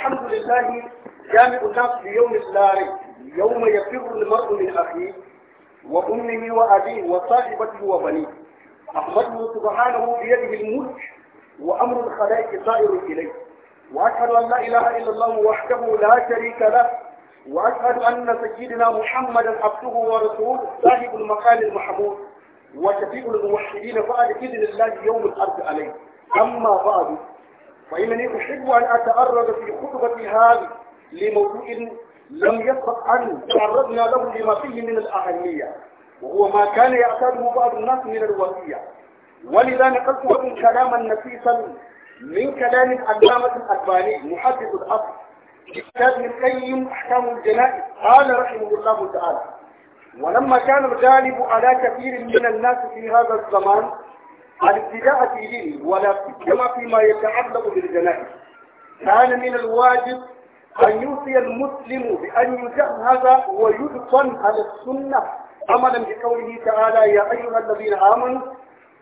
الحمد لله جامع الناس في يوم الثالث يوم يفر المرء من أخيه وأمه وأبيه وصاحبته وبنيه أحمده سبحانه بيده الملك وأمر الخلائق سائر إليه وأشهد أن لا إله إلا الله وحده لا شريك له وأشهد أن سيدنا محمدا عبده ورسوله صاحب المقام المحمود وشفيع الموحدين بعد إذن الله يوم الأرض عليه أما بعد فإنني أحب أن أتعرض في خطبتي هذه لموضوع لم يسبق أن تعرضنا له لما فيه من الأهمية وهو ما كان يعتاده بعض الناس من الوصية ولذا نقلت لكم كلاما نفيسا من كلام العلامة الألباني محدث الأصل كتاب ابن القيم أحكام الجنائز قال رحمه الله تعالى ولما كان الغالب على كثير من الناس في هذا الزمان الابتداء فيه ولا كما فيما يتعلق بالجنائز كان من الواجب أن يوصي المسلم بأن يجهز ويدفن على السنة عملا بقوله تعالى يا أيها الذين آمنوا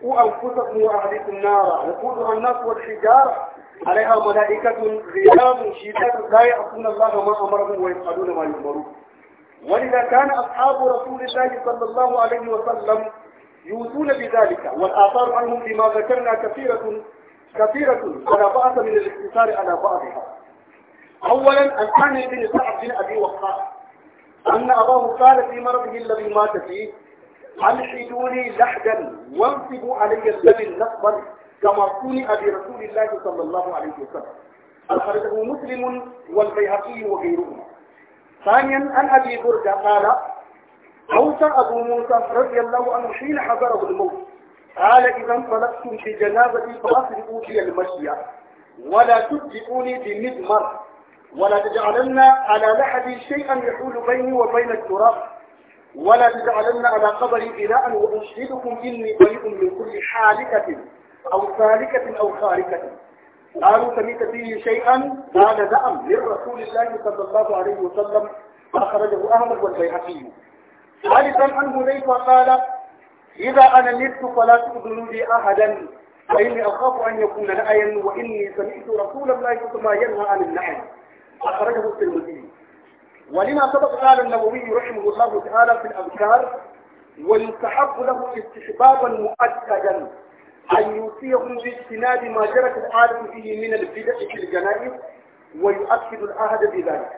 قوا أنفسكم وأهلكم نارا وقودها الناس والحجارة عليها ملائكة غياب شداد لا يعصون الله ما أمرهم ويفعلون ما يؤمرون ولذا كان أصحاب رسول الله صلى الله عليه وسلم يوصون بذلك والآثار عنهم بما ذكرنا كثيرة كثيرة ولا بأس من الاقتصار على بعضها أولا أن عن بن سعد بن أبي وقاص أن أباه قال في مرضه الذي مات فيه ألحدوني لحدا وانصبوا علي الدم نصبا كما أبي رسول الله صلى الله عليه وسلم أخرجه مسلم والبيهقي وغيرهما ثانيا عن أبي بردة قال موسى أبو موسى رضي الله عنه حين حضره الموت قال إذا انطلقتم في جنازتي فأصرفوا في المشية ولا تدفئوني بمدمر ولا تجعلن على لحدي شيئا يحول بيني وبين التراب ولا تجعلن على قبري بناء وأشهدكم إني بريء من كل حالكة أو سالكة أو خاركة قالوا سميت فيه شيئا قال نعم للرسول الله صلى الله عليه وسلم أخرجه أحمد والبيهقي حدثا عن هنيف قال إذا أنا نلت فلا تؤذنوا لي أحدا فإني أخاف أن يكون نعيا وإني سمعت رسول الله صلى الله عليه وسلم ينهى عن النعي أخرجه الترمذي ولما سبق قال النووي رحمه الله تعالى في الأذكار ويستحق له استحبابا مؤكدا أن يوصيهم باجتناب ما جرت العالم فيه من البدع في الجنائز ويؤكد العهد بذلك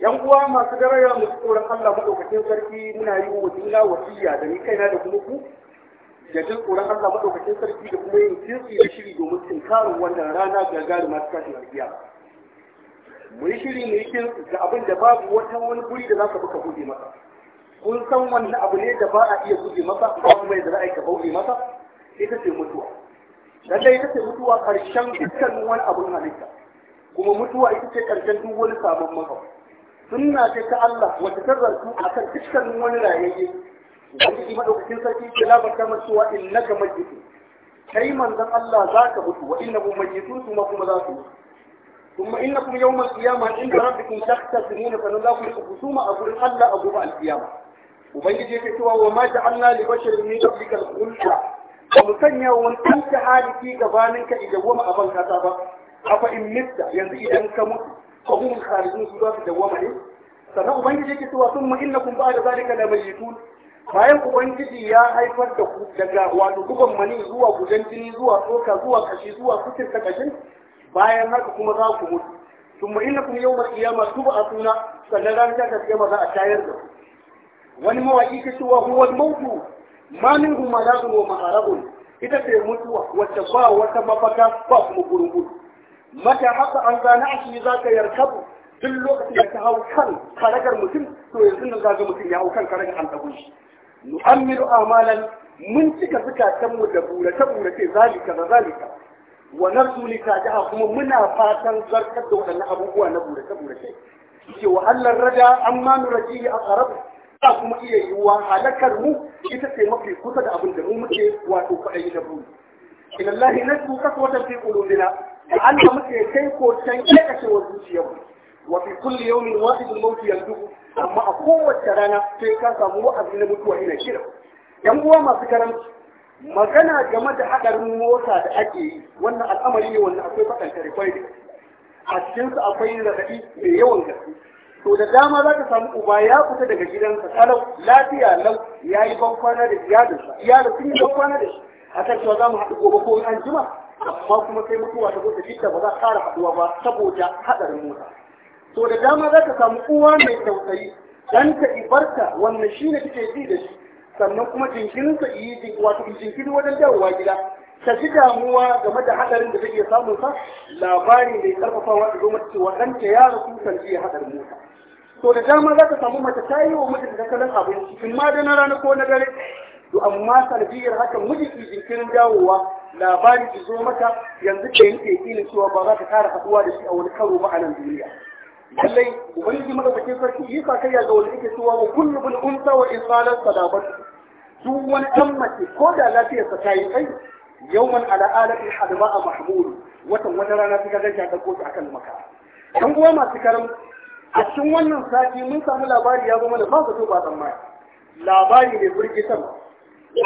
yan uwa masu daraja mu tsoron Allah madaukakin sarki muna yi wa juna wasiya da ni kaina da kuma ku da jin tsoron Allah madaukakin sarki da kuma yin kirki da shiri domin tunkarin wannan rana gari masu tashin alkiya mu yi shiri mu yi kirki da abin da babu wata wani guri da za ka buka guje masa kun san wani abu ne da ba a iya guje masa ba kuma yadda za a yi ka masa ita ce mutuwa lallai ita ce mutuwa karshen dukkan wani abin halitta kuma mutuwa ita ce karshen duk wani sabon mahau sunna ce ta Allah wata akan a kan dukkanin wani rayayye ubangiji madaukakin sarki ke labarta masa cewa innaka majidu kai manzan Allah za ka mutu wa innahu majidun kuma kuma za su mutu ثم إنكم يوم القيامة عند ربكم تختصمون فنذاق الخصومة أقول ألا أقوم القيامة وبنجي كتوا وما جعلنا لبشر من قبلك الخلد ومسنيا وان أنت حالك gabaninka idan wama aban kata ba afa in mitta yanzu idan ka mutu فهم الخارجون سوى في دوامة sannan ubangiji yake cewa sun mu'innakum ba da zalika la mayyitun bayan ubangiji ya haifar da ku daga wato dukan mani zuwa gudan jini zuwa tsoka zuwa kashi zuwa kucin ta kashin bayan haka kuma za ku mutu sun mu'innakum yawma qiyama tub'atuna sannan ran ta kiyama za a tayar da ku wani mawaki ke cewa huwa al-mautu ma minhu maradun wa ma'arabun ita ce mutuwa wacce ba wata mafaka ba kuma gurin mata haka an gane a shi za ka yarkabu duk lokacin da ka hau kan karagar mutum to yanzu nan ga mutum ya hau kan karagar an ɗago shi nu'ammiru amalan mun cika zukatanmu da burace burace zalika da zalika wa narsu likajaha kuma muna fatan zartar da waɗannan abubuwa na burace burace yake wa Allah raja amma nurajihi a ta kuma iya yiwuwa halakar mu ita ce mafi kusa da abin da mu muke wato kwaɗayi da buri ilallahi nasu kaswatan fi qulubina da Allah muke kai ko can kakace wa zuciyarmu wa fi kulli yawmin wahid al-maut yanzuhu amma a kowace rana sai ka samu wa'azi na mutuwa ina yan uwa masu karanci magana game da hadarin mota da ake yi wannan al'amari ne wanda akwai fakanta kare kwai a cikin su akwai raɗaɗi mai yawan gaske to da dama za ka samu uba ya fita daga gidansa kalau lafiya lau ya yi ban kwana da iyalinsa iyalin sun yi ban kwana da shi a kan cewa za mu haɗu gobe ko an jima amma kuma kai mutuwa ta gota fitta ba za a ƙara haɗuwa ba saboda haɗarin mota to da dama za ka samu uwa mai tausayi dan ta ibarta wannan shi ne kake ji da shi sannan kuma jinkirinsa yi wato jinkiri wajen dawowa gida ta ji damuwa game da haɗarin da take samun sa labari mai karfafawa da gwamnati cewa ɗanta ya rasu kan iya haɗarin mota to da dama za ka samu mace ta yi wa mijin tattalin abinci in ma da na rana ko na dare to amma sanadiyar hakan mijin jinkirin dawowa labari su zo maka yanzu ke yi ilin cewa ba za ka tara haɗuwa da shi a wani karo ba a nan duniya lallai ubangiji madaukakin sarki yi sa kai ga wani yake cewa wa kullu bil unsa wa insanan sadabatu duk wani ɗan mace ko da lafiyarsa ta yi kai yawman ala alatin hadma a Mahmudu, watan wata rana suka gaza ta dauko ta akan maka dan uwa masu karam a cikin wannan sati mun samu labari ya zo mana ba zato ba tsammani labari ne burgisan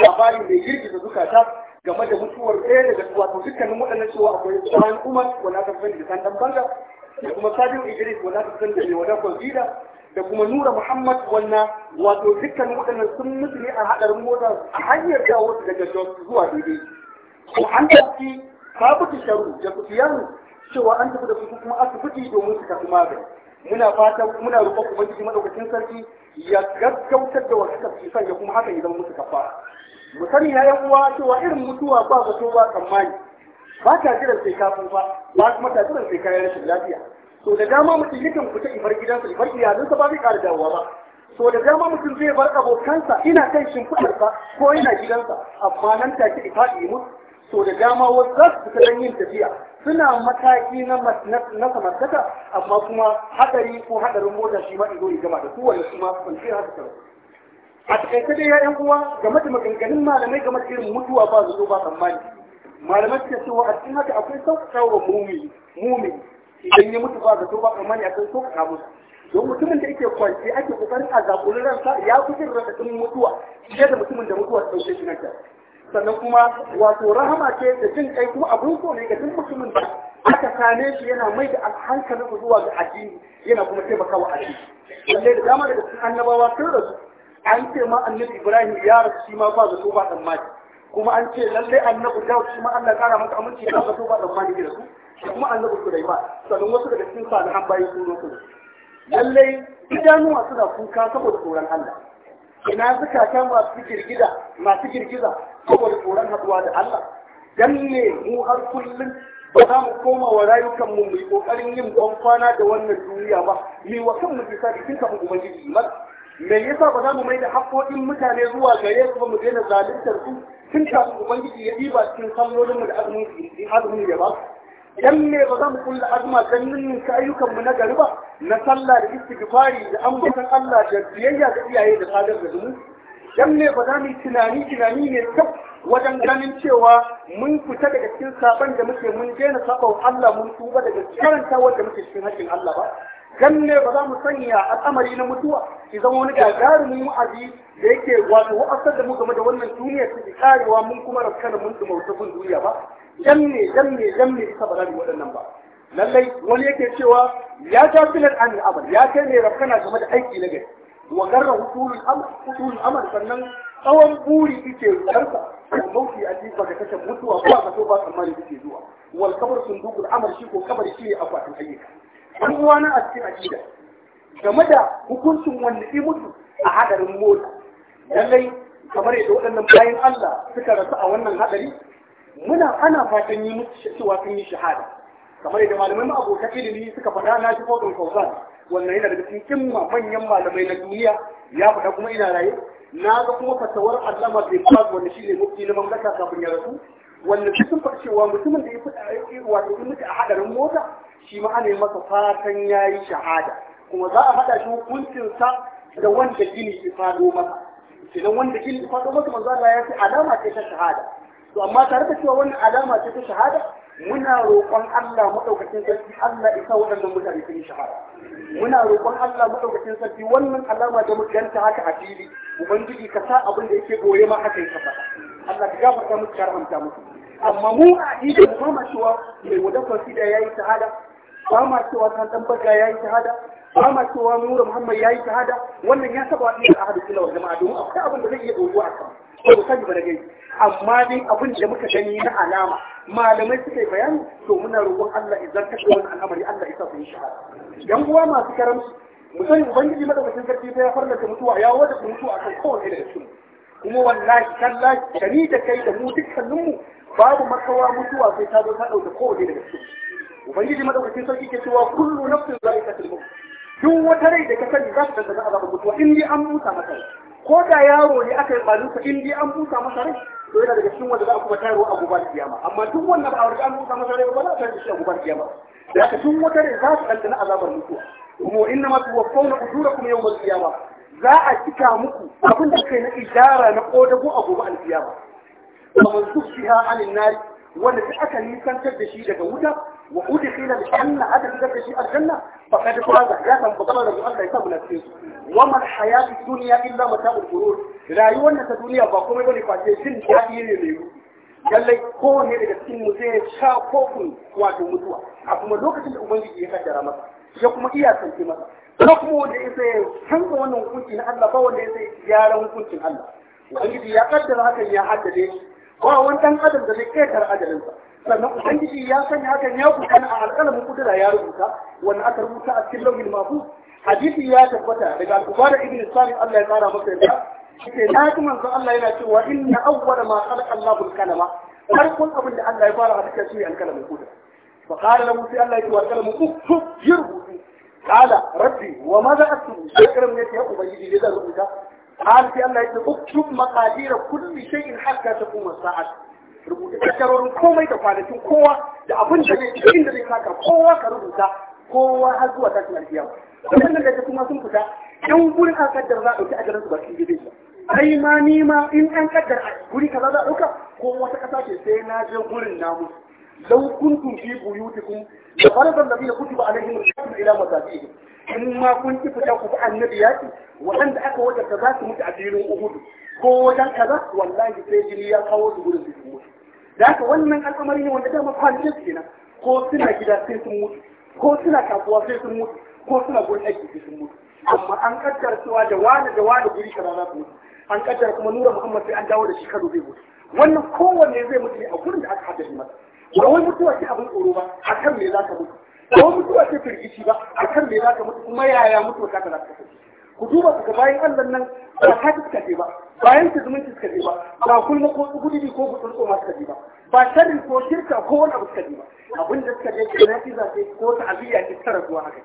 labari mai girgiza zukata game da mutuwar ɗaya daga wato dukkanin waɗannan cewa akwai tsaron umar wanda aka sani da san dan banga da kuma sabiu idris wanda aka sani da mai wada kwanzida da kuma nura muhammad wanda wato dukkanin waɗannan sun mutu ne a haɗarin mota a hanyar dawo daga jos zuwa daidai Ko an tafi sabuti sharu da kufiyan cewa an tafi da su kuma asibiti domin su karɓi magani muna fata muna roƙon ubangiji madaukakin sarki ya gaggautar da wasu kafisan ya kuma haka ya zama musu kafara mu sani ya yan uwa cewa irin mutuwa ba zato ba tsammani ba ta jiran sai ka ba ba kuma ta jiran sai kayan rashin lafiya to da dama mutum yakan fita ibar gidansa ibar iyalinsa ba zai ƙara dawowa ba to da dama mutum zai bar abokansa ina kan shimfiɗarsa ko ina gidansa amma nan ta ki faɗi mutu to da dama wasu za su fita don yin tafiya suna mataki na samartaka amma kuma haɗari ko haɗarin mota shi ma in zo ya gama da kowane kuma kwanciyar haka a takaice dai ya'yan uwa game da maganganun malamai game da irin mutuwa ba zato ba tsammani malamai suke cewa a cikin haka akwai sauka wa mumi mumi idan ya mutu ba zato ba tsammani akwai sauƙaƙa musu don mutumin da yake kwanci ake kokarin a zaɓulin ransa ya fi jin raɗaɗin mutuwa fiye da mutumin da mutuwa ta ɗauke shi nan sannan kuma wato rahama ce da jin kai kuma abin so ne ga duk mutumin da aka same shi yana mai da hankalin zuwa ga addini yana kuma taimakawa addini lallai da dama daga cikin annabawa sun rasu an ce ma annabi ibrahim ya rasu shi ma ba zato ba tsammani kuma an ce lalle annabi dawud shi ma Allah kara maka aminci ya zato ba tsammani da su shi kuma annabi sulaiman sanin wasu daga cikin salihan bayi sun zo kuma lalle idanuwa suna kuka saboda tsoron Allah ina su masu girgiza masu girgiza saboda tsoron haduwa da Allah dan ne mu har kullum ba za mu koma wa rayukanmu mu yi kokarin yin kwana da wannan duniya ba mai wa mu bisa da kinka mu ubangiji mata me yasa ba za mu mai da haƙoƙin mutane zuwa gare su ba mu daina zaluntar su tun kafin ubangiji ya ɗiba cikin sallolin mu da azumin azumin ya ba dan me ba za mu kulla azuma dan nin ayyukan mu na gari ba na sallah da istighfari da ambaton Allah da biyayya ga iyaye da sadar da zumu dan me ba za mu tunani tunani ne kaf wajen ganin cewa mun fita daga cikin saban da muke mun daina sabon Allah mun tuba daga karanta wanda muke cikin hakkin Allah ba dan ne ba za mu sanya al'amari na mutuwa ki zama wani gagarumin wa'azi da yake wato wa'asar da mu game da wannan duniya ta ki karewa mun kuma rafka da mun duma wata duniya ba dan ne dan ne dan ne isa ba za mu waɗannan ba lallai wani yake cewa ya ta filan an amal ya kai ne rafkana game da aiki na gari wa garra hutulul amal hutulul amal sannan tsawon buri ike karsa da mauki a jifa da kashe mutuwa ko a kaso ba tsammani kike zuwa wal kabar sundukul amal shi ko kabar shi ne akwatin ayyuka ɗan uwana a cikin ajiya game da hukuncin wanda ya mutu a hadarin mota lallai kamar yadda waɗannan bayan Allah suka rasu a wannan hadari muna ana fatan yi musu cewa sun yi shahada kamar yadda malamai ma abokan ilimi suka faɗa na shi fadin kauzan wannan yana daga cikin kimma manyan malamai na duniya ya faɗa kuma ina raye na ga kuma fatawar allama bai fas wanda shi ne na mamlaka kafin ya rasu wanda sun faɗi cewa mutumin da ya fi wato mutu a hadarin mota shi ma ana masa fatan ya yi shahada kuma za a haɗa shi hukuncinsa da wanda gini ke fado masa kenan wanda gini ke fado masa manzo Allah ya ce alama ce ta shahada to amma tare da cewa wannan alama ce ta shahada muna roƙon Allah madaukakin sarki Allah isa waɗannan mutane sun yi shahada muna roƙon Allah madaukakin sarki wannan alama da muka ganta haka a fili ubangiji ka sa abin da yake goye ma haka yake faɗa Allah ka gafarta musu ka rahamta musu amma mu a idan mu ma cewa mai wadatar sida yayi shahada ba ma cewa kan dan baka yayi shahada ba ma cewa nura muhammad yayi shahada wannan ya saba ni a hadisi na jama'a domin akwai abin da zai iya dogo a kan ko ba sani ba da gani amma dai abin da muka gani na alama malamai suka yi bayani to muna roƙon Allah idan ta kawo al'amari Allah ya sa su yi shahada yan uwa masu karamci mutum ubangiji madaukakin sarki ta ya farlata mutuwa ya wada mutuwa kan kowane daga cikin kuma wallahi tallahi da ni da kai da mu dukkaninmu babu makawa mutuwa sai ta zo ta ɗauka kowane daga cikin ubangiji madaukakin sarki ke cewa kullu nafsin za'iqatul maut duk wata rai da ka sani za ta zama azabar mutuwa in dai an busa masa rai ko da yaro ne aka yi barinsa in dai an busa masa rai to yana daga cikin wanda za a kuma tayarwa a gobar kiyama amma duk wannan ba a riga an busa masa rai ba za a tayar da shi a gobar kiyama da haka tun wata rai za su ɗanɗana azabar mutuwa kuma inna ma tuwaffawna ujurakum yawmal qiyamah za a cika muku abin da kai na ijara na kodago a gobe alkiyama kamar su fiha anin nari wanda ta aka nisantar da shi daga wuta وأدخل الجنة هذا الذي في الجنة فقد فاز حياة مبطلة لأن يسمى نفسه وما الحياة الدنيا إلا متاع الغرور لا يوانا الدنيا باقوم يقول لك جن جاهي ليو lallai kowane daga cikin mu zai sha kofin wato mutuwa a kuma lokacin da ubangiji ya kaddara masa ya kuma iya sanke masa kuma kuma wanda ya sai canza wannan hukunci na Allah ba wanda ya sai gyara hukuncin Allah ubangiji ya kaddara hakan ya haddade ba wani adam da zai kai tar sannan ubangiji ya sanya hakan ya kusan a alƙalamin kudura ya rubuta wanda aka rubuta a cikin lauhin mafu hadisi ya tabbata daga al'ubara ibn sami Allah ya tsara masa yadda ke na ji manzo Allah yana cewa inna awwala ma khalaqa Allahu al-kalama farkon abin da Allah ya fara a cikin shi alƙalamin kudura fa qala lahu sai Allah ya ce wa alƙalamin uktub qala rabbi wa madha aktubu alƙalamin ya ce ya ubangiji ne zan rubuta قال في الله يقول اكتب مقادير كل شيء حتى تقوم الساعه rubuta tattarorin komai da kwanakin kowa da abin da zai cikin da zai saka kowa ka rubuta kowa har zuwa tashin alkiyama wannan da kuma sun fita yan gurin an kaddara za a ɗauki ajalin su ba cikin gidan shi ai ma ni ma in an kaddara a guri kaza za a ɗauka ko wata ƙasa ce sai na je gurin namu lau kuntum fi buyutikum da farabar da biya kutuba alaihim shakku ila masafihi in ma kun ki fita ku annabi ya ce waɗanda aka wajabta za su mutu a filin uhudu ko wajen kaza wallahi sai jini ya kawo su gurin su mutu da haka wannan al'amari ne wanda dama kwanakin su kenan ko suna gida sai sun mutu ko suna kasuwa sai sun mutu ko suna gurin aiki sai sun mutu amma an kaddara cewa da wani da wani guri kaza za su mutu an kaddara kuma nura muhammad sai an dawo da shi kado zai mutu wannan kowanne zai mutu ne a gurin da aka haddace masa ba wai mutuwa ce abin tsoro ba a kan me za ka mutu ba wai mutuwa ce firgici ba a kan me za ka mutu kuma yaya mutuwa ta ka za ka kasance ku duba ku ga bayan Allah nan ba ta suka je ba bayan ta zumunci suka je ba ba kulma ko gudubi ko gutsun tsoma suka je ba ba sharri ko shirka ko wani abu suka je ba abin da suka je ke na fi zafe ko ta abiya ke tsara zuwa haka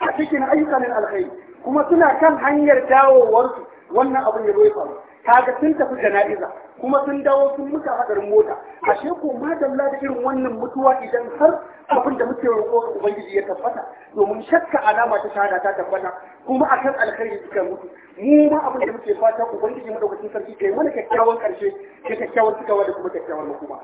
a cikin ayyukan alkhairi kuma suna kan hanyar dawowarsu wannan abin ya zo ya faru kaga sun tafi jana'iza kuma sun dawo sun mutu hadarin mota ashe ko madalla da irin wannan mutuwa idan har abin da muke roƙo ga ubangiji ya tabbata domin shakka alama ta shahada ta tabbata kuma a akan alkhairi suka mutu mu ma abin da muke fata ubangiji madaukakin sarki kai mana kyakkyawan karshe da kyakkyawan cikawa da kuma kyakkyawan makoma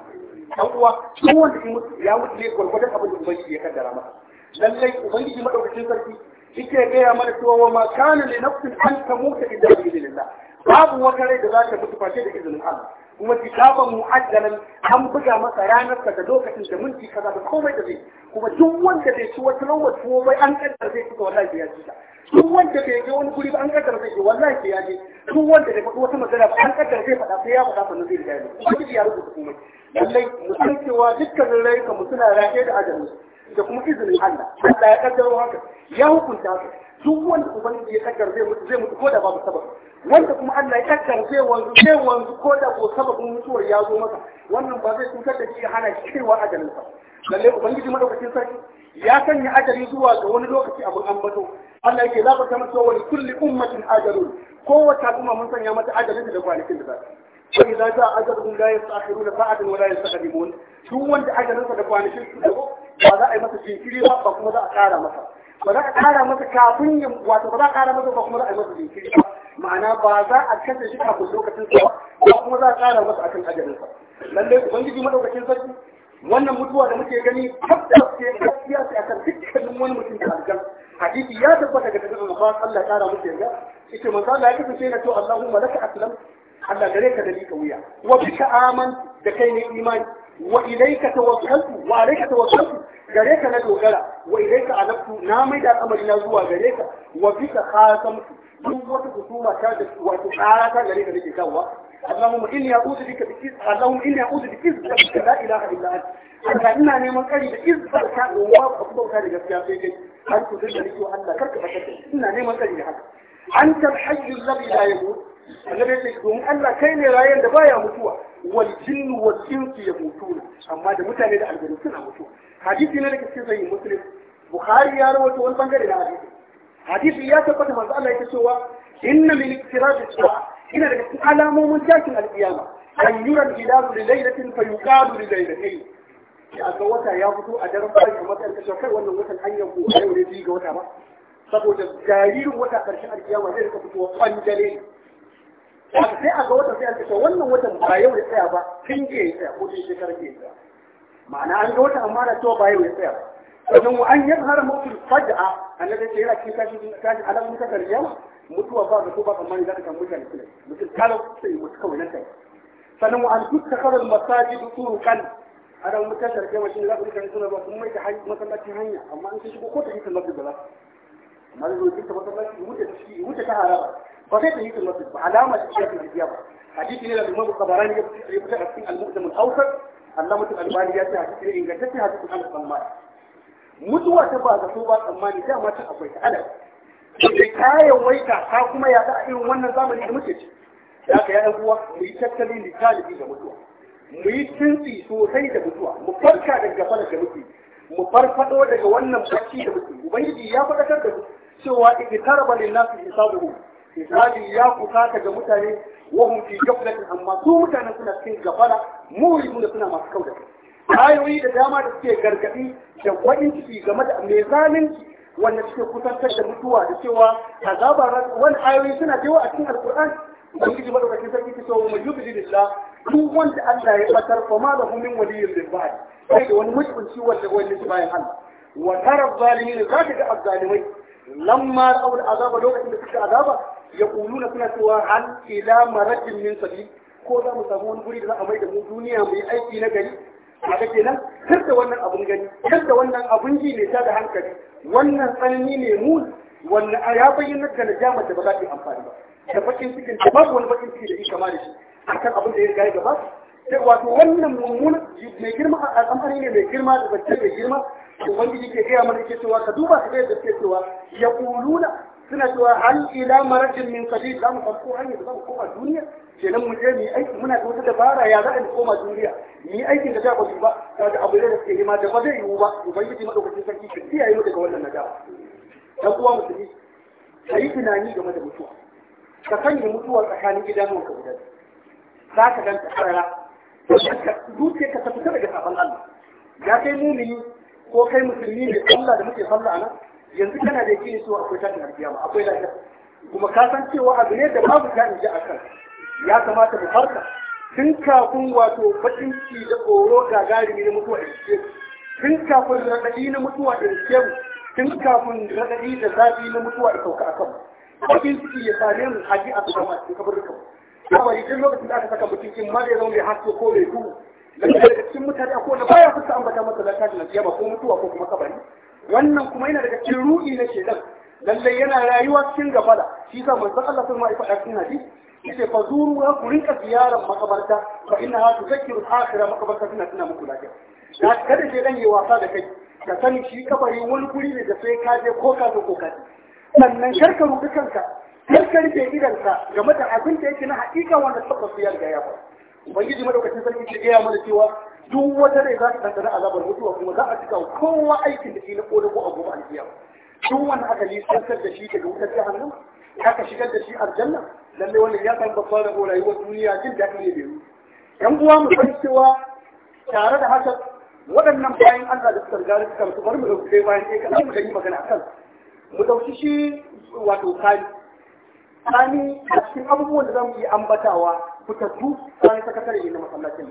dan uwa duk wanda ya mutu ne gwargwadon abin da ubangiji ya kaddara masa lallai ubangiji madaukakin sarki yake gaya mana cewa ma kana li nafsin an tamuta idan bi idillah babu wata rai da za ta mutu face da izinin Allah kuma kitaban mu'ajjalan an buga masa ranar da lokacin da minti kaza da komai da zai kuma duk wanda bai ci wata rawar tuwo bai an kaddara zai fita wallahi ya ji duk wanda bai je wani guri ba an kaddara zai je wallahi ya ji duk wanda bai faɗi wata magana ba an kaddara zai faɗa sai ya faɗa sannan zai riga ya ji kuma ya rubuta komai lallai mutum cewa dukkanin rayuka mu suna rahe da ajalin da kuma izinin Allah Allah ya kaddaro haka ya hukunta haka duk wanda ubangiji ya kaddar zai mutu ko da babu sabab wanda kuma Allah ya kaddar zai wanzu zai wanzu ko da ko sababin mutuwar ya zo masa wannan ba zai cutar da shi ya hana shi kaiwa ajalin sa lalle ubangiji madaukakin sarki ya sanya ajali zuwa ga wani lokaci abin ambato Allah yake zaba ta mutuwa wa kulli ummatin ajalun kowace al'umma mun sanya mata ajalin da kwanakin da za ta idza jaa ajaluhum la yastakhiruna sa'atan wa la yastaqdimun duk wanda ajalinsa da kwanakin su da ba za a yi masa jinkiri ba ba kuma za a kara masa ba za ka kara masa kafin yin wato ba za a kara masa ba kuma za a yi masa jinkiri ba ma'ana ba za a kashe shi kafin lokacin sa ba kuma za a kara masa akan ajalin sa lallai ubangiji madaukakin sarki wannan mutuwa da muke gani tabbas ce gaskiya ce akan dukkanin wani mutum da aljan hadisi ya tabbata ga daga mafas Allah ya kara muke ga yake manzo Allah ya kasance na to Allahumma laka aslam Allah gare ka da lika wuya wa bika aman da kai ne imani وإليك توصلت وعليك توصلت جريك لك وغلا وإليك عدبت نامي دار أمر الله جريك وفيك خاتم جنوات قصومة شادت وتشعارك جريك لك كوا اللهم إني أعوذ بك بكيس اللهم إني أعوذ بكيس بك لا إله إلا أنت فإنا نعم الكريم إذ فرشا وواب أفضل خارج السياسي هل تزل لك وحلا كرك فتك إنا نعم الكريم نعم حق أنت الحي الذي لا يموت النبي يقول أن كيني رايين دبايا مطوع wal jinn wal insi yamutuna amma da mutane da aljanu suna mutu hadisi ne da kake bukhari ya rawaito wani bangare na hadisi hadisi ya tabbata manzo Allah yake cewa inna min iktiraj as-sa'a ina daga cikin alamomin tashin al Kan an yura al-hilalu li laylatin fa yuqalu li laylatayn ya ga wata ya fito a daren fari kamar kan kashe kai wannan an yanko a yau ne ga wata ba saboda jaririn wata karshen al-qiyama zai rika fitowa kwandale Wata sai a ga wata sai a ce wannan watan ba yau ya tsaya ba tun jiya ya tsaya ko tun shekarar jiya ya tsaya ma'ana an ga wata amma na cewa ba yau ya tsaya ba sannan an yadda har mutum faj'a annabi ce yana cikin kashi kashi alamun ta karyar mutuwa ba ko ba kamar za ta kan mutane kila mutum kalau sai mutu kawai nan kai sannan wa an tutta kawai masajid turukan adam mutum karyar mutum za ku rika suna ba kuma mai da masallacin hanya amma an shigo ko ta yi masjid ba amma zai zo duka masallaci wuce ta haraba ba sai yi masjid ba alama ce ta tahiyyar ba hadisi ne da Imam Bukhari ya rubuta a cikin Al-Mu'tam al-Awsat Allah mutum albani ya ce a cikin ingantacce hadisin Anas bin Malik mutuwa ta ba zato ba tsammani dama ta akwai ta alal da kayan waita ta kuma ya a irin wannan zamani da muke ci da aka yayan uwa mu yi tattalin da talibi da mutuwa mu yi tuntsi sosai da mutuwa mu farka daga gafalar da muke mu farfado daga wannan bacci da muke ubangiji ya faɗakar da mu cewa ikitaraba lin nasu hisabuhu hisabi ya kusata ga mutane wahum fi gaflatin amma su mutanen suna cikin gafara mu'minuna suna masu kauda ayoyi da dama da suke gargadi da kwaɗin ciki game da me zalunci wanda suke kusantar da mutuwa da cewa azabar wani ayoyi suna da a cikin alkur'an ubangiji madaukakin sarki ta cewa mai yubi lillah duk wanda Allah ya batar fa ma lahu min waliyyin min ba'd sai da wani mutunci wanda wani bayan Allah wa tara zalimin zaka ga azzalimai lamma ra'ul azaba lokacin da suka azaba yaquluna suna cewa hal ila maratin min sabil ko za mu samu wani guri da za a mai da mu duniya mai aiki na gari haka kenan har da wannan abun gani har da wannan abun ji ne ta da hankali wannan tsanani ne mu wannan ya bayyana ka najama da ba za ta yi amfani ba da bakin cikin da babu wani bakin ciki da yi kama da shi akan abin da ya gaya gaba sai wato wannan mummunan mai girma al'amari ne mai girma da bacce mai girma ubangiji ke gaya mana ke cewa ka duba ka da ke cewa ya kuluna suna cewa hal ila maratin min qadi za mu farko hanyar da za mu koma duniya kenan mu je mu yi aiki muna da wata dabara ya za a koma duniya mu yi aikin da ta ba ka da abu da suke ma da ba zai yiwu ba ubangiji madaukakin sarki ka yi mu daga wannan nagawa dan kuwa musulmi ka yi tunani game da mutuwa ka sanya mutuwa tsakanin idanuwanka guda za ka ganta karara zuciyarka ta fita daga sabon Allah ya kai mumini ko kai musulmi ne Allah da muke sallah a nan yanzu kana da yake so akwai tashin ba, akwai lafiya kuma ka san cewa abu ne da babu ta inji a kan ya kamata mu farka tun kafin wato bakin ci da tsoro gagarumi na mutuwa da ke tun kafin raɗaɗi na mutuwa da ke tun kafin raɗaɗi da zafi na mutuwa da sauka a kan bakin ciki ya same mu haji a tsoron masu ka kan. Kawai duk lokacin da aka saka mutum in ma da ya zama mai haske ko mai duhu daga cikin mutane a kowane baya kusa ambata masa zaka da nasiya ba ko mutuwa ko kuma kabari wannan kuma yana daga cikin ru'i na shedan lallai yana rayuwa cikin gafala shi yasa manzon Allah sun ma faɗa cikin hadisi yace fa zuru ha ku rinka makabarta fa inna ha tuzakkiru al-akhirah makabarta tana tana muku lafiya da kada sai dan yi wasa da kai ka sani shi kabari wani guri ne da sai ka je ko ka zo ko ka sannan karka rubuta kanka karka rike idanka game da abin da yake na hakika wanda tabbas ya riga ya ubangiji madaukakin sarki ke gaya mana cewa duk wata rai za ta tantana azabar mutuwa kuma za a cika kowa aikin da shi na ko da ko a goma duk wanda aka nisantar da shi daga wutar ya ka shigar da shi aljanna lallai wannan ya san babban rabo rayuwar duniya jin daɗi ne bai yan uwa mu san cewa tare da haka waɗannan bayan Allah da suka riga suka su bari mu ɗauki bayan ɗaya kaɗan mu yi magana akan mu ɗauki shi wato kani kani a cikin abubuwan da za mu yi ambatawa fitattu wani sakatare ne na masallacin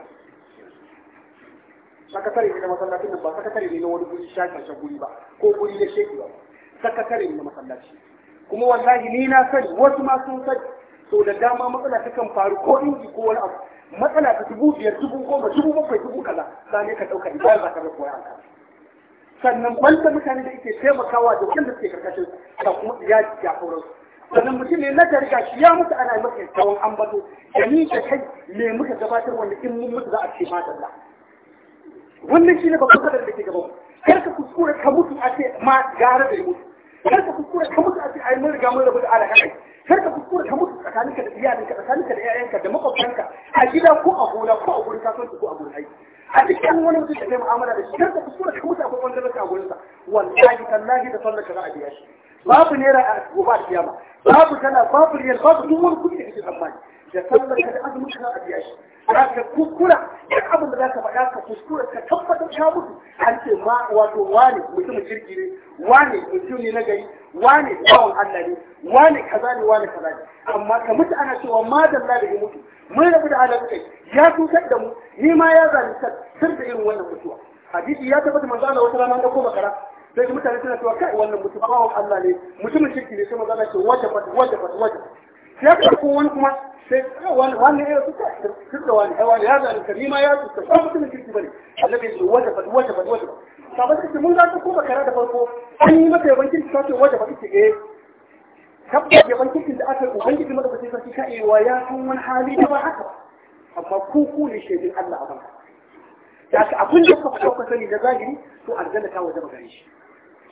sakatare ne na masallacin ba ba sakatare ne na wani guri shafin shan guri ba ko guri na sheki ba sakatare ne na masallaci kuma wallahi ni na sani wasu ma sun sani to da dama matsala ta kan faru ko inji ko wani abu matsala ta dubu biyar dubu goma dubu bakwai dubu kaza za ne ka ɗauka idan za ka bai koya sannan banda mutane da ke taimakawa da wanda suke karkashin da kuma iyali ya sauransu sannan mutum ne na riga shi ya mutu ana maka kyakkyawan ambato da ni da kai me muka gabatar wanda in mun mutu za a ce madalla wannan shi ne babban kadar da ke gaban kar ka kuskure ka mutu a ce ma gara da mutu kar ka kuskure ka mutu a ce ai mun riga mun rabu da ala kai kar ka kuskure ka mutu tsakaninka da iyalinka tsakaninka da 'ya'yanka da makwabtanka a gida ko a gona ko a gurin kasuwanci ko a gurin aiki a cikin wani mutum da kai mu'amala da shi kar ka kuskure ka mutu a gurin wanda ka a gurinsa wallahi tallahi da sallar ka za a biya shi babu naira a gobe da kiyama babu tana babu riyal babu duk wani kuɗi da kake tsammani da sallar ka da azumin kana a biya shi za ka kuskura duk abin da za ka faɗa ka kuskura ka tabbatar ka mutu an ce ma wato wane mutumin jirgi ne wane mutum ne na gari wane bawan Allah ne wane kaza ne wane kaza ne amma ka mutu ana cewa ma dalla da mutu mun rabu da halin kai ya cutar da mu ni ma ya zalunta sir da irin wannan mutuwa hadisi ya tabbata manzo Allah wata rana da ko sai mutane suna cewa kai wannan mutum bawan Allah ne mutumin kirki ne sai maza ce wajen fata wajen fata wajen sai ka ko wani kuma sai wani wani ya su ta su da wani ai wani ya da kalima ya su ta mutumin kirki bane Allah ya ce wajen fata wajen fata wajen sabon kirki mun zaka ko bakara da farko an yi maka yaban kirki sai wajen fata ce eh tabbata yaban kirkin da aka ubangiji maka sai sarki ka yi wa ya san wani hali da ba haka amma ku ku ne shaidin Allah a banka da aka abin da kuka fito ka sani na zahiri to aljanna ta waje ba shi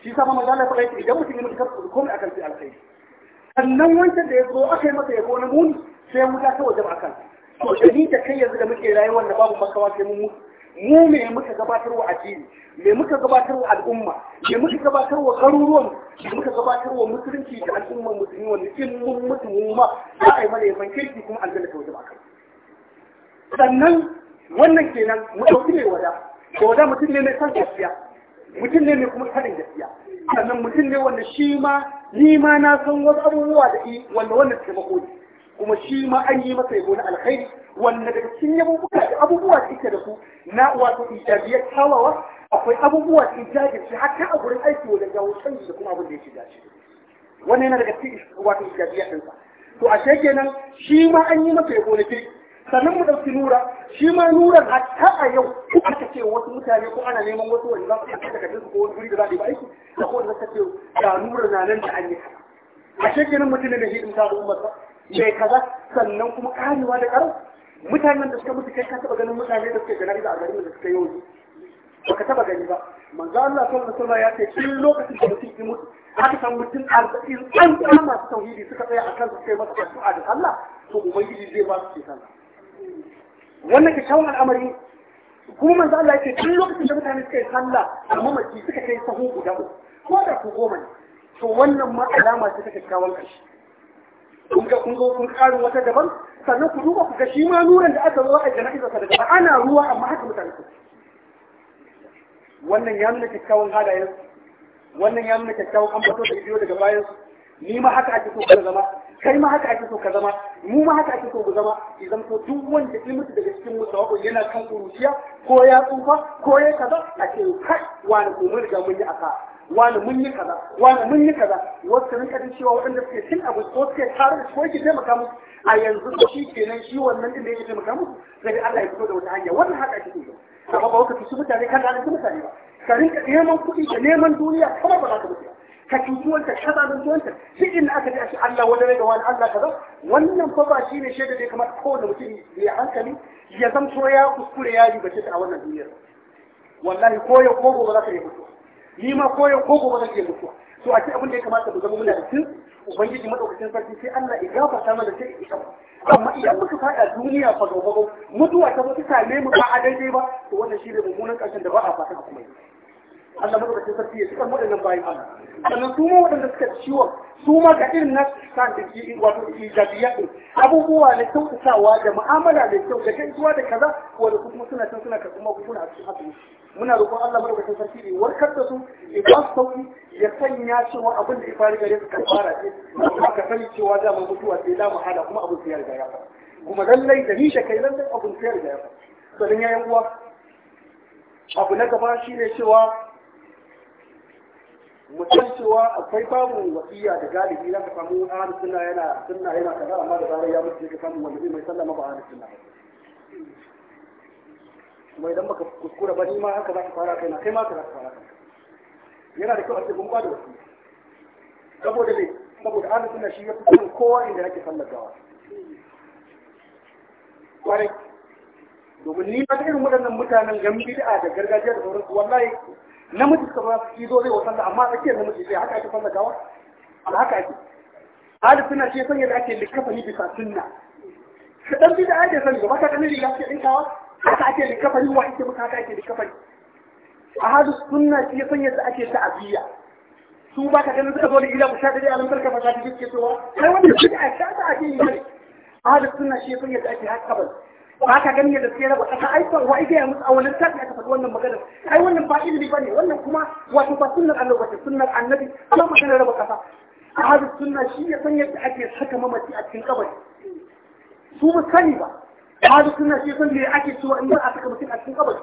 shi sa ma manzala fa yake idan mutum ya mutu kafin komai akan sai alkhairi sannan wancan da ya zo aka yi masa ya na muni sai wuta ta wajen akan to da ni da kai yanzu da muke rayuwar da babu makawa sai mun mutu mu me muka gabatar wa addini me muka gabatar wa al'umma me muka gabatar wa garuruwan me muka gabatar wa musulunci da al'ummar musulmi wanda in mun mutu mu ma za a yi mana yaman kirki kuma aljanna ta wajen akan sannan wannan kenan mu ɗauki mai wada ko wada mutum ne mai san gaskiya mutum ne mai kuma sanin gaskiya sannan mutum ne wanda shi ma ni ma na san wasu abubuwa da yi wanda wannan taimako ne kuma shi ma an yi masa yabo na alkhairi wanda daga cikin yabubuwa da abubuwa suke da su na wato ijabiyar kawawa akwai abubuwa da ijabiyar hatta a gurin aiki wajen jawo canji da kuma abin da ya shiga shi wannan yana daga cikin wato ijabiyar ɗinsa to a shekenan shi ma an yi masa yabo na kirki sannan mu ɗauki nura shi ma nuran hatta a yau aka ce wasu mutane ko ana neman wasu wani za su yi daga ko wani guri da za a yi ba aiki da ko wanda ta ce ga nura na nan da an yi a shekarun mutumin da hidin ta da umarsa mai kaza sannan kuma karewa da karo mutanen da suka mutu kai ka taɓa ganin mutane da suka gana a garin da suka yi wani baka taɓa gani ba manzo Allah sallallahu alaihi wasallam ya ce tun lokacin da mutum ya mutu Haka san mutum arba'in an masu tauhidi suka tsaya akan su kai masa addu'a da Allah to ubangiji zai ba su ce sallah wannan kyakkyawan al'amari kuma manzo Allah yake duk lokacin da mutane suka yi sallah amma mace suka kai sahu guda ko da ku goma ne to wannan ma alama ce ta kyakkyawan kashi kun ga kun zo kun karin wata daban sannan ku duba ku ga shi ma nuran da aka zo a jana'iza sa daga ana ruwa amma haka mutane su wannan ya nuna kyakkyawan halayen wannan ya nuna kyakkyawan ambato da biyo daga bayan ni ma haka ake so ku zama kai ma haka ake so ka zama mu ma haka ake so ku zama idan so duk wanda ya mutu daga cikin mu sawabo yana kan kuruciya ko ya tsufa ko ya kaza a ce kai wani ko mun riga mun yi aka wani mun yi kaza wani mun yi kaza wasu rinka din cewa waɗanda suke cin abu ko suke tare da shi ko yake taimaka musu a yanzu ko shi kenan shi wannan din da yake taimaka musu sai Allah ya fito da wata hanya wannan haka ake so amma ba ka tusu mutane kan da mutane ba ka rinka neman kuɗi da neman duniya kuma ba za ka mutu ka cuci wanta ka zalunci wanta shi in aka ji a shi Allah wanda rai wani Allah kaza wannan fa ba shi ne shaida da kamar kowane mutum ya hankali ya zama so ya kuskure ya yi bace a wannan duniyar wallahi ko ya ko gobe za ka yi mutuwa ni ma ko ya ko gobe za ka yi mutuwa to a ce abin da ya kamata mu zama muna da shi ubangiji madaukakin sarki sai Allah ya gafarta mana sai ya amma idan muka fada duniya fa gobe mutuwa ta mutu same mu ba a daidai ba to wannan shi ne mummunan karshen da ba a fata kuma yi Allah maka bakin sarki ya cikin nan bayan Allah sannan su ma waɗanda suka ciwon su ma ga irin nasu sa da ji wato ijabiya din abubuwa na kyautatawa da mu'amala ne kyau da gaisuwa da kaza wanda su kuma suna can suna karɓar magunguna a cikin asibiti muna roƙon Allah maka bakin sarki ne. warkar da su ya ba su sauki ya sanya cewa abin da ya faru gare su kafara ce kuma ka sani cewa za mu mutuwa sai za mu hada kuma abin sai ya riga ya faru kuma lallai da ni shakai lallai abin sai ya riga ya faru sannan ya uwa abu na gaba shi cewa mutum cewa akwai babu wasiya da galibi za ka samu ahlus sunna yana sunna yana kaza amma da zarar ya mutu ka samu wanda mai sallama ba ahlus sunna kuma idan baka kuskura ba ni ma haka za ka fara na, kai ma ka za ka fara kai. yana da kyau a ce kun bada da wasiya saboda ne saboda ahlus sunna shi ya fi kowa inda yake sallar gawa kwarai domin ni ba irin waɗannan mutanen gan bid'a da gargajiya da sauransu wallahi namiji kamar shi zo zai wasan da amma tsakiyar namiji sai haka ake fara gawa amma haka ake ahli suna shi san da ake ni bisa sunna ka dan bi da ake san gaba ka dan riga ce dinkawa haka ake ni wa ake muka haka ake A ahli sunna shi san yadda ake abiya su ba ka ganin suka zo da ila ku shaɗa da alamtar ka fata ji ke cewa kai wanda shi a shaɗa ake yi ne ahli sunna shi san yadda ake haka ba ka gani da sai raba kasa ai wa ai ga musu a wannan tafi aka faɗi wannan magana ai wannan ba ilimi bane wannan kuma wato ba sunnar Allah ba sunnar annabi Allah magana raba kasa ahadu sunna shi ya san yadda ake saka mamaci a cikin kabari su ba sani ba ahadu sunna shi ya san yadda ake cewa in ba a saka mutum a cikin kabari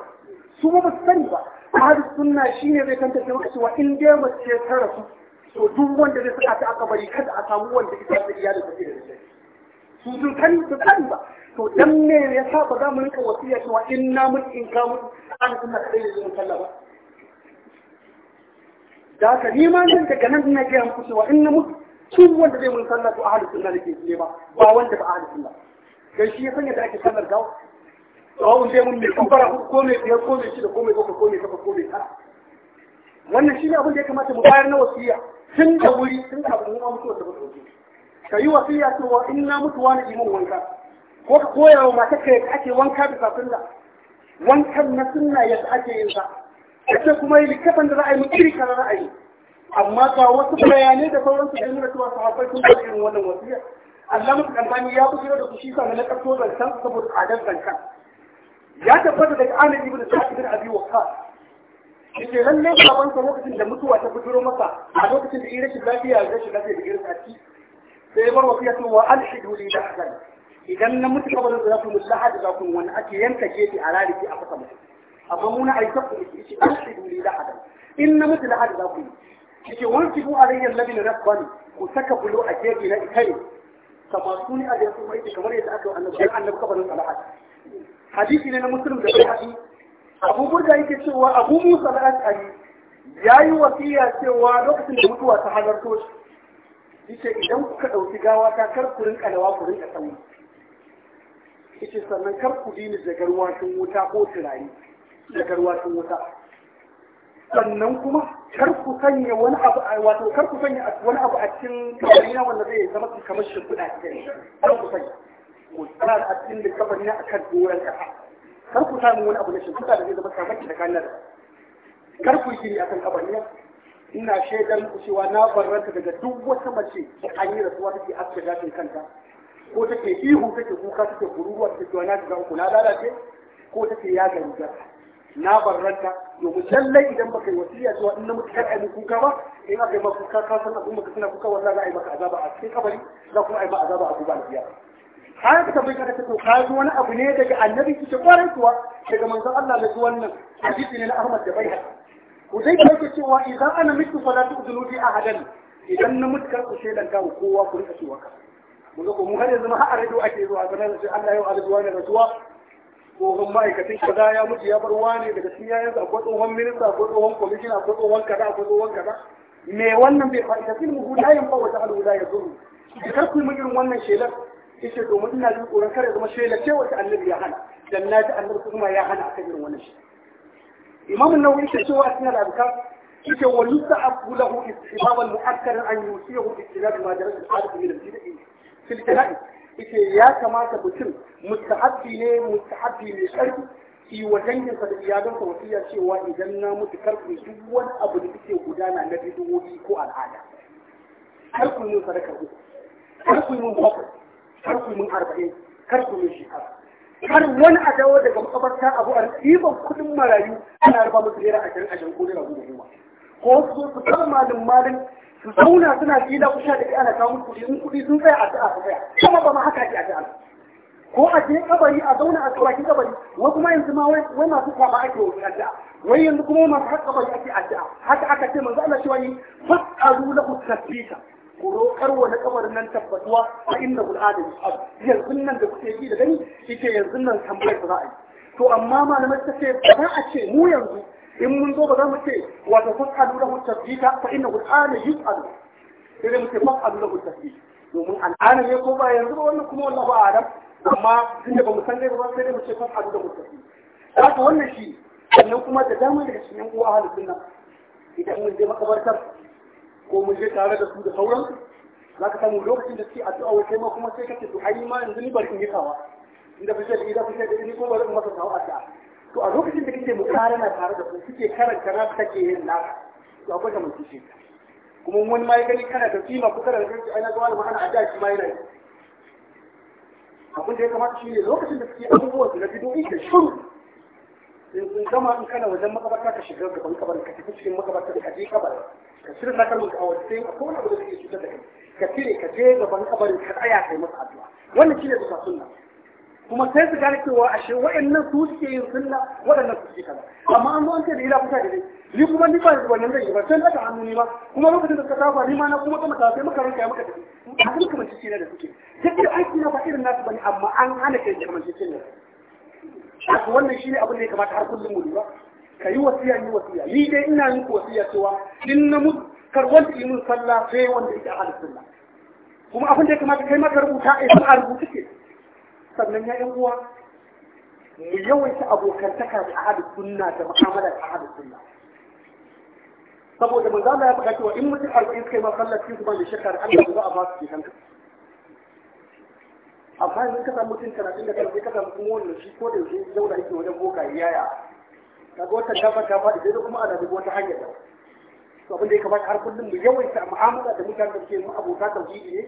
su ba ba sani ba ahadu sunna shi ne zai kanta cewa cewa in dai mace ta rasu to duk wanda zai saka ta a kabari kada a samu wanda ita ta iya da tafiya da su sun sani ba to dan me yasa ba za mu rika wasiya cewa in na mun in ka mun an kuma kai da zuwa sallah ba da ka ni ma nan daga nan ina ga muku cewa in na mutu su wanda zai mun sallah to na sunna ke ne ba ba wanda ba ahlus sunna dan shi ya sanya da ake sallar gawo gawun zai mun mai fara ko mai biyar ko mai shida ko mai bakwai ko me takwas ko me tara wannan shi ne abin da ya kamata mu bayar na wasiya tun da wuri tun kafin mu da mutuwa ta ba ka yi wasiya cewa in na mutuwa na iman wanka ko ka koya wa matar ka yadda ake wanka bisa sunna wankan na sunna yadda ake yin sa kace kuma yi littafin da za a yi mun iri amma ga wasu bayanai da sauransu da nuna cewa sahabbai sun ba irin wannan wasiya Allah mutu kalbani ya fito da kushi sa na karto zancan saboda tsadar zancan ya tabbata daga Ahmad ibn Sa'id ibn Abi Waqqas yake lallai sabon sa lokacin da mutuwa ta bujuro masa a lokacin da yi rashin lafiya ya rashin lafiya da girka ci sai ya bar wasiya to wa alhidu li dahzan idan na mutu kabarin za ku musaha da za ku wani ake yanka kefi a rariki a kusa mutu amma muna a yi ta kuma shi an shi duli da adam in na mutu lahadi za ku yi shi wanki bu alayyar labi na rasbani ku saka bulo a kefi na ikari kamar su ne a da su mai kamar yadda aka annabi dan annabi kabarin salahat hadisi ne na musulun da bai hadi abu burda yake cewa abu musa da al'ari ya yi wasiya cewa lokacin da mutuwa ta halarto shi yace idan kuka ɗauki gawa ta kar ku rinka dawa ku rinka sauyi yace sannan kar ku dini da garwashin wuta ko turare da garwashin wuta sannan kuma kar ku sanya wani abu a wato kar ku sanya wani abu a cikin kabarina wanda zai zama kamar kuɗa ke kar ku sanya ko tsara a cikin da kabarina a kan doron kasa kar ku samu wani abu na kuɗa da zai zama kamar da kanar kar ku yi gini a kan kabarina ina shaidar ku cewa na barranta daga duk wata mace da an yi rasuwa take aske gashin kanta ko take ihu take kuka take kururuwa take cewa na shiga uku na lalace ko take ya ganga na barranta domin lallai idan baka yi wasiya cewa in na mutu kar ai kuka ba in aka yi maka kuka ka san abin maka suna kuka wallahi za a yi maka azaba a cikin kabari za kuma a yi maka azaba a gobe alfiya har ka tabbai ka to ka ji wani abu ne daga annabi kike kwarai kuwa daga manzon Allah da su wannan hadisi ne na Ahmad da Baihaqi Uzai ka yake cewa idan ana mutu fala tu'dunu bi ahadan idan na mutu kar ku shedan ka kowa ku rika cewa ka mun ga ko mu har yanzu ma har radio ake zuwa ga nan sai Allah yau alzuwa ne rasuwa tsohon ma'aikacin kaza ya mutu ya bar wani daga cikin yayin sa akwai tsohon minista akwai tsohon commissioner akwai tsohon kaza akwai tsohon kaza me wannan bai faɗi ta filmu hulayen ba wata alwuda ya zuru da kar ku yi irin wannan shelar yace domin ina jin tsoron kar ya zama shelar ce wata annabi ya hana dan na ji annabi kuma ya hana akan irin wannan shi imamu nawawi yake cewa a cikin al-azkar yake wa yusta'abu lahu istihaban mu'akkaran an yusiyahu istilabi ma jarat al-hadith min al-bid'ah fil jihadi ita ya kamata mutum mustahabbi ne mustahabbi ne sharri yi wa danginsa da iyalansa wasiya cewa idan na mutu karku duk wani abu da suke gudana na bidiyoyi ko al'ada karku yi sadaka uku karku yi bakwai karku yi arba'in karku yi shekara har wani a dawo daga makabarta abu a ɗiban kuɗin marayu ana rufa musu naira ashirin ashirin ko naira goma goma ko su su kama malin malin su zauna suna fila kusa da ana kawo kuɗi in kuɗi sun tsaya a ta'a su tsaya kuma ba ma haka ake a ta'a ko a je kabari a zauna a kabarin kabari wai kuma yanzu ma wai masu kwaba ake wani addu'a wai yanzu kuma masu haka kabari ake addu'a haka aka ce manzo Allah cewa yi fasalu lahu tasbita ku roƙar wa na kabarin nan tabbatuwa fa inna bil adam yanzu nan da kuke yi da gani yake yanzu nan tambayar za a yi to amma malamai ta ce ba a ce mu yanzu in mun zo ba za mu ce wato kun alu lahu tasbita fa inna qur'ana yus'alu sai mu ce fa alu lahu tasbita domin al'ana ne ko ba yanzu ba wannan kuma wallahu a'lam amma tunda ba mu san ba sai mu ce fa alu lahu tasbita haka wannan shi sannan kuma da dama daga cikin uwa ahlus sunna idan mun je makabartar ko mun je tare da su da sauransu za ka samu lokacin da suke addu'a wai kai kuma sai kake to ai ma yanzu ni bari in yi kawa inda fice da idan fice da ni ko bari in masa kawa addu'a to a lokacin da kake na tare da su suke karanta na take yin naka to akwai da mutum shi kuma wani mai gani kana da kima ko kana da kanki ai na ga wani ma'ana a da shi mai yana yi abin da ya kamata shi ne lokacin da suke abubuwa su na bidoyi da shuru in kun gama in kana wajen makabarta ka shiga gaban kabarin ka tafi cikin makabarta ka je kabarin ka cire takalmin ka a waje sai akwai wani abu da suke cutar da kai ka cire ka je gaban kabarin ka tsaya kai masa addu'a wannan shine bisa sunna kuma sai su gane cewa ashe wa'annan su suke yin sunna waɗannan su suke kaza amma an zo an ce da ila kuka da dai ni kuma ni ba da wannan zai ba sai na ta hannu ni ba kuma lokacin da ka saba ni ma na kuma kuma ta maka muka ranka ya maka tafi a kan kuma cici da suke sai da aiki na ba irin nasu bane amma an hana kai da kamar cici ne haka wannan shine abin da ya kamata har kullum mu duba kayi wasiya ni wasiya ni dai ina yin wasiya cewa in na mutu kar wanda yi mun sallah sai wanda yake a halin sunna kuma abin da ya kamata kai ma rubuta eh, a rubuce sannan ya yan uwa mu yawanci abokantaka da ahadu sunna da mu'amala da ahadu sunna saboda manzo Allah ya faɗa cewa in mutum arba'in kai ma fallaci su ba da shakka da Allah ba a ba su kenan amma in ka samu mutum talatin da talatin ka samu kuma wannan shi ko da yaushe zauna yake wajen boka yaya kaga wata gafa ta faɗi sai kuma ana dubo wata hanyar da to abin da ya kamata har kullum mu yawaita mu'amala da mutanen da suke mu abota tauhidi ne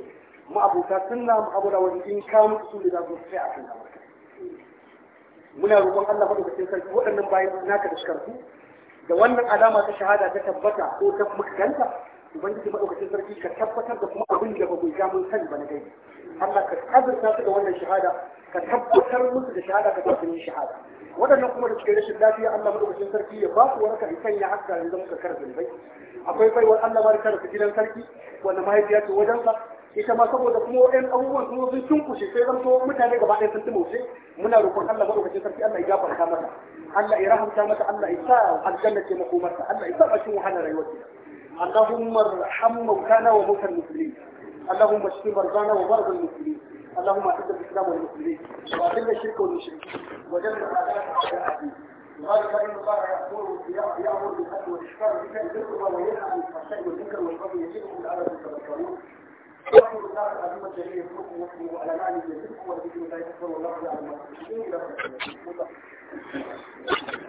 ma'abuta sunna ma'abuta wani in ka mutu su ne za su tsaya a kan amurka muna roƙon Allah madaukakin sarki waɗannan bayan naka da shakarku da wannan alama ta shahada ta tabbata ko ta muka ganta ubangiji madaukakin sarki ka tabbatar da kuma abin da ba ku ja mun sani ba na gaibi Allah ka azurta su da wannan shahada ka tabbatar musu da shahada ka tabbatar shahada waɗannan kuma da cikin rashin lafiya Allah madaukakin sarki ya ba su waraka in sanya haska yanzu muka kar zulubai akwai baiwar Allah ma da gidan sarki wanda mahaifiya ce wajensa ita ma saboda kuma ɗan abubuwan kuma sun cunkushe sai zan to mutane gaba ɗaya sun tumauce muna roƙon Allah madaukakin sarki Allah ya gafarta mata Allah ya rahamta mata Allah ya sa aljanna ce makomarta Allah ya sa bashin wahala rayuwar ta اللهم ارحم موتانا وموتى المسلمين اللهم اشف مرضانا ومرضى المسلمين اللهم اعز الاسلام والمسلمين واذل الشرك والمشركين وجل ذلك ان الله يقول يامر بالحق والاشكال بك الذكر وينهى عن الفحشاء والمنكر والبغي يعظكم لعلكم تذكرون وفي وزارة العلوم الجليل الحكم وحده على معنى الجليل هو الذي لا يكفر الله على المسلمين